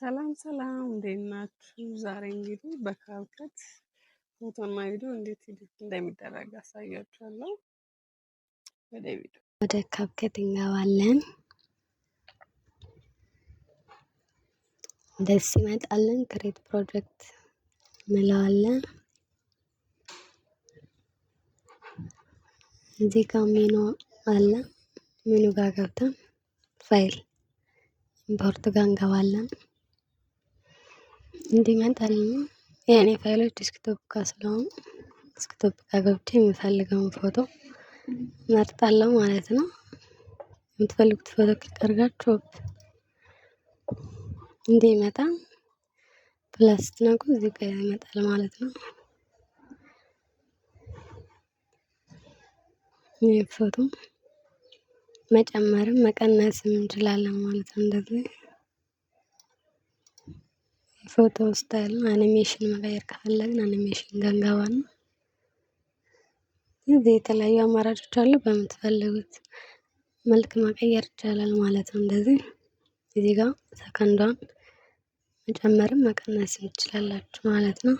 ሰላም ሰላም እንዴት ናችሁ? ዛሬ እንግዲህ በካልከት ፎቶና ቪዲዮ እንዴት ኤዲት እንደሚደረግ አሳያችኋለሁ። ወደ ቪዲዮ ወደ ካብከት እንገባለን። ደስ ይመጣለን። ክሬት ፕሮጀክት እንለዋለን። እዚህ ጋ ሜኑ አለ። ሜኑ ጋር ገብተን ፋይል ኢምፖርት ጋር እንገባለን። እንዲመጣልኝ የእኔ ፋይሎች ዲስክቶፕ ጋር ስለሆኑ ዲስክቶፕ ጋር ገብቼ የምፈልገውን ፎቶ መርጣለሁ ማለት ነው። የምትፈልጉት ፎቶ ክሊክ አድርጋችሁ እንዲመጣ ፕላስ ስትነኩ እዚህ ጋር ይመጣል ማለት ነው። ይህ ፎቶ መጨመርም መቀነስም እንችላለን ማለት ነው እንደዚህ ፎቶ ስታይል አኒሜሽን መቀየር ከፈለግን አኒሜሽን ጋር እንገባና እዚህ የተለያዩ አማራጮች አሉ። በምትፈልጉት መልክ መቀየር ይቻላል ማለት ነው። እንደዚህ እዚህ ጋር ሰከንዷን መጨመርም መቀነስ ትችላላችሁ ማለት ነው።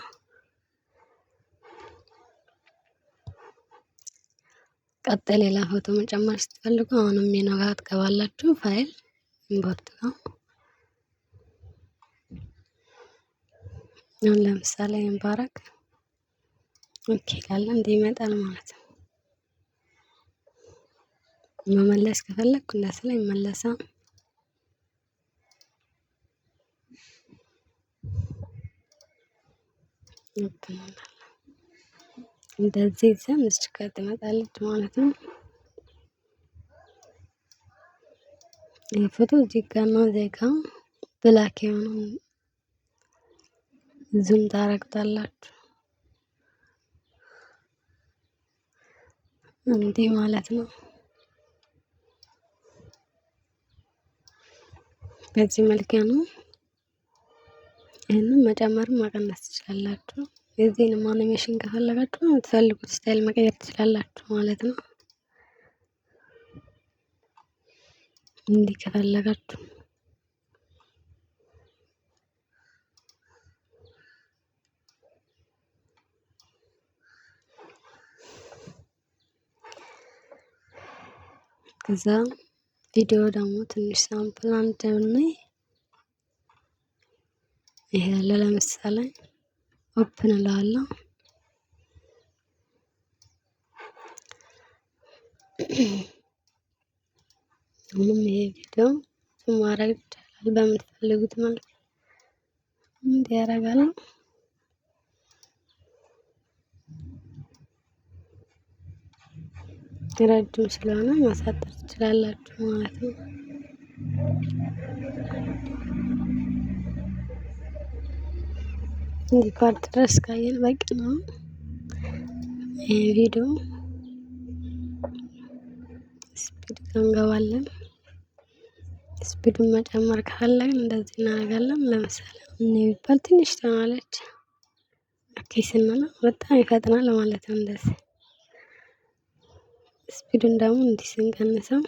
ቀጥ ሌላ ፎቶ መጨመር ስትፈልጉ አሁንም ሜኑ ጋር ትገባላችሁ። ፋይል ኢምፖርት ነው። አሁን ለምሳሌ ባረግ ኦኬ ይላል ይመጣል ማለት ነው። መመለስ ከፈለግኩ እንደስ ላይ መለሳ እንደዚህ ዘም እዚች ጋር ትመጣለች ማለት ነው። የፎቶ ፎቶ ነው ዜጋ ብላክ የሆነው ዝም ታረግታላችሁ። እንዲህ ማለት ነው። በዚህ መልክ ነው። ይህንን መጨመርም ማቀነስ ትችላላችሁ። የዚህንም አኒሜሽን ከፈለጋችሁ የምትፈልጉት ስታይል መቀየር ትችላላችሁ ማለት ነው። እንዲህ ከፈለጋችሁ ከዛ ቪዲዮ ደግሞ ትንሽ ሳምፕል አንድ ይሄ ለምሳሌ ኦፕን እላለሁ። አሁንም ይሄ ቪዲዮ ማድረግ ይቻላል በምትፈልጉት መልኩ እንዲያደርጋለሁ። ረጅም ስለሆነ ማሳጠር ትችላላችሁ ማለት ነው። እዚህ ፓርት ድረስ ካየን በቂ ነው። ይህ ቪዲዮ ስፒድ እንገባለን። ስፒዱን መጨመር ካለን እንደዚህ እናደርጋለን። ለምሳሌ እኔ ቢባል ትንሽ ትሆናለች። ኦኬ ስንለው በጣም ይፈጥናል ማለት ነው እንደዚህ ስፒዱን ደግሞ እንዲህ ስንቀንሰው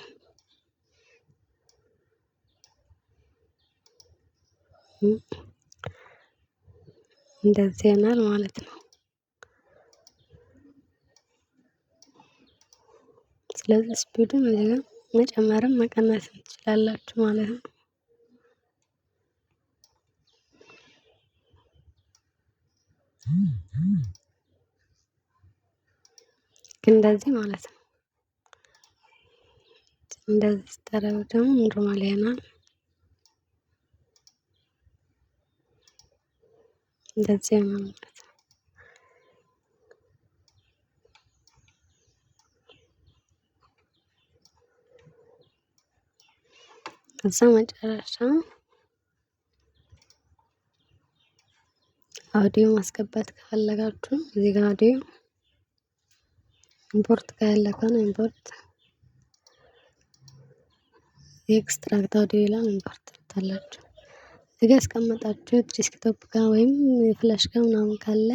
እንደዚህ ይሆናል ማለት ነው። ስለዚህ ስፒዱን እዚህ መጨመርም መቀነስም ትችላላችሁ ማለት ነው። እንደዚህ ማለት ነው። እንደዚህ ስታደርጉት ደግሞ ሙሉ ይሆናል። እንደዚህ ይሆናል ማለት ነው። ከዛ መጨረሻ አውዲዮ ማስገባት ከፈለጋችሁ እዚህ ጋር አውዲዮ ኢምፖርት ኢምፖርት የኤክስትራክት አውዲዮ ይላል አንድ ትሉታላችሁ። እዚህ ጋር ያስቀመጣችሁት ዲስክቶፕ ጋር ወይም ፍላሽ ጋር ምናምን ካለ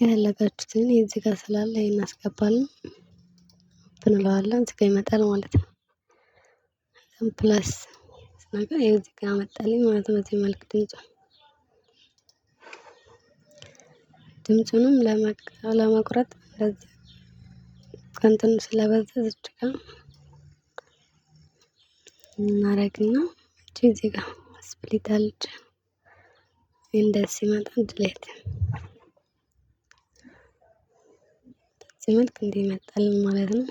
የፈለጋችሁትን እዚህ ጋር ስላለ እናስገባለን እንለዋለን። እዚህ ጋር ይመጣል ማለት ነው። ፕላስ ነገር እዚህ ጋር መጣልኝ ማለት ነው። እዚህ መልክ ድምፁን ድምፁንም ለመቁረጥ እንደዚህ ከእንትኑ ስለበዛ ዝች ጋር እናደርግና እቺ እዚህ ጋር ስፕሊት አለች። እንደዚህ ሲመጣ ድሌት በዚህ መልክ እንዲመጣልን ማለት ነው።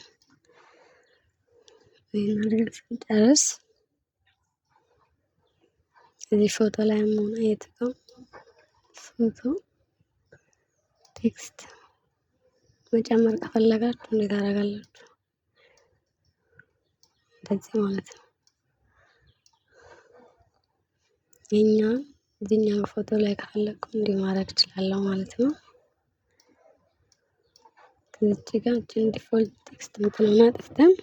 ይህን አድርገን ስንጨርስ እዚህ ፎቶ ላይ መሆን የትቀው ፎቶ ቴክስት መጨመር ከፈለጋችሁ እንዴት አደርጋላችሁ እንደዚህ ማለት ነው። የኛ እዚኛ ፎቶ ላይ ካለቁ እንዲህ ማድረግ እችላለሁ ማለት ነው። ከዚህ ጋር እቺን ዲፎልት ቴክስት ምትለውን አጥፍተን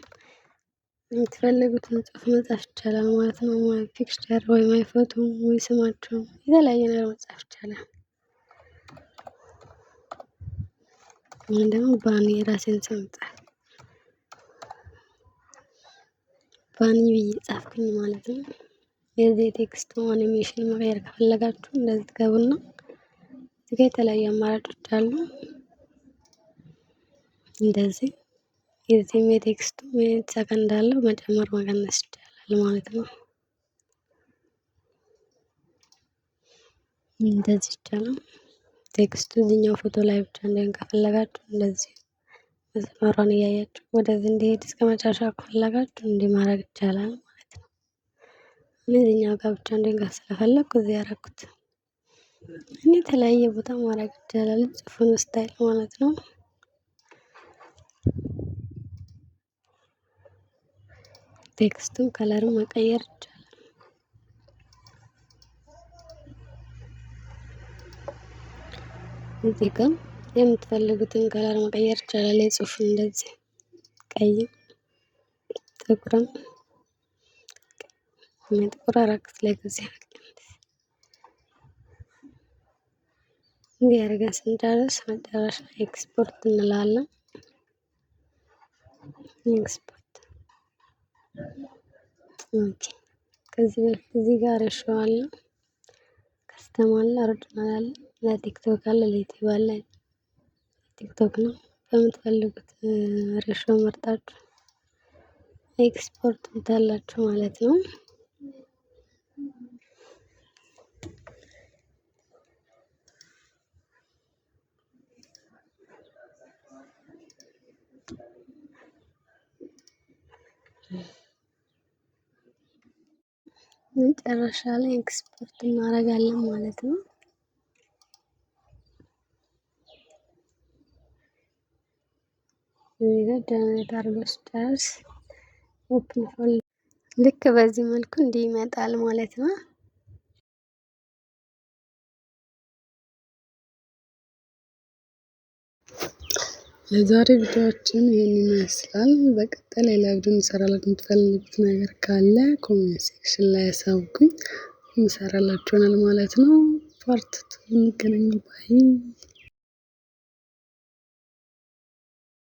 የምትፈልጉትን ጽሁፍ መጻፍ ይቻላል ማለት ነው። ማይ ፒክቸር ወይ ማይ ፎቶ ወይ ስማቸውን የተለያየ ነገር መጻፍ ይቻላል። ወይም ደግሞ ባኒ የራሴን ስም ጻፍ ባኒ ብዬ ጻፍኩኝ ማለት ነው። የዚህ ቴክስቱ አኒሜሽን መቀየር ከፈለጋችሁ እንደዚህ ትገቡና እዚህ ጋ የተለያዩ አማራጮች አሉ። እንደዚህ የዚህም የቴክስቱ ሚኒት ሰከንድ እንዳለው መጨመር መቀነስ ይቻላል ማለት ነው። እንደዚህ ይቻላል። ቴክስቱ እዚህኛው ፎቶ ላይ ብቻ እንዳይሆን ከፈለጋችሁ እንደዚህ መስመሯን እያያችሁ ወደዚህ እንዲሄድ እስከ መጨረሻ ከፈለጋችሁ እንዲህ ማድረግ ይቻላል። ለዚህኛው ጋብቻ እንድንጋት ስለፈለኩ እዚህ ያረኩት እኔ የተለያየ ቦታ ማድረግ ይቻላል። ጽፉን ስታይል ማለት ነው። ቴክስቱን ከለርም መቀየር ይቻላል። እዚህ ጋር የምትፈልጉትን ከለር መቀየር ይቻላል። የጽሁፍ እንደዚህ ቀይም ጥቁርም የሚያጠቆራራቅስ ላይ ከዚህ ያልቅምት እንዲህ አድርገን ስንጨርስ መጨረሻ ኤክስፖርት እንላለን። ኤክስፖርት ኦኬ። ከዚህ በፊት እዚህ ጋር እሸዋለሁ። ከስተማል አለ፣ ለቲክቶክ አለ፣ ለዩቲዩብ አለ። ቲክቶክ ነው በምትፈልጉት ሬሾ መርጣችሁ ኤክስፖርት ብታላችሁ ማለት ነው። መጨረሻ ላይ ኤክስፖርት እናደርጋለን ማለት ነው። ደህንነት ኦፕን ልክ በዚህ መልኩ እንዲህ ይመጣል ማለት ነው። ለዛሬ ቪዲዮአችን ይህን ይመስላል። በቀጣይ ሌላ ቪዲዮ እንሰራላችሁ። የምትፈልጉት ነገር ካለ ኮሜንት ሴክሽን ላይ ያሳውቁኝ፣ እንሰራላችኋል ማለት ነው። ፓርት ቱ እንገናኝ። ባይ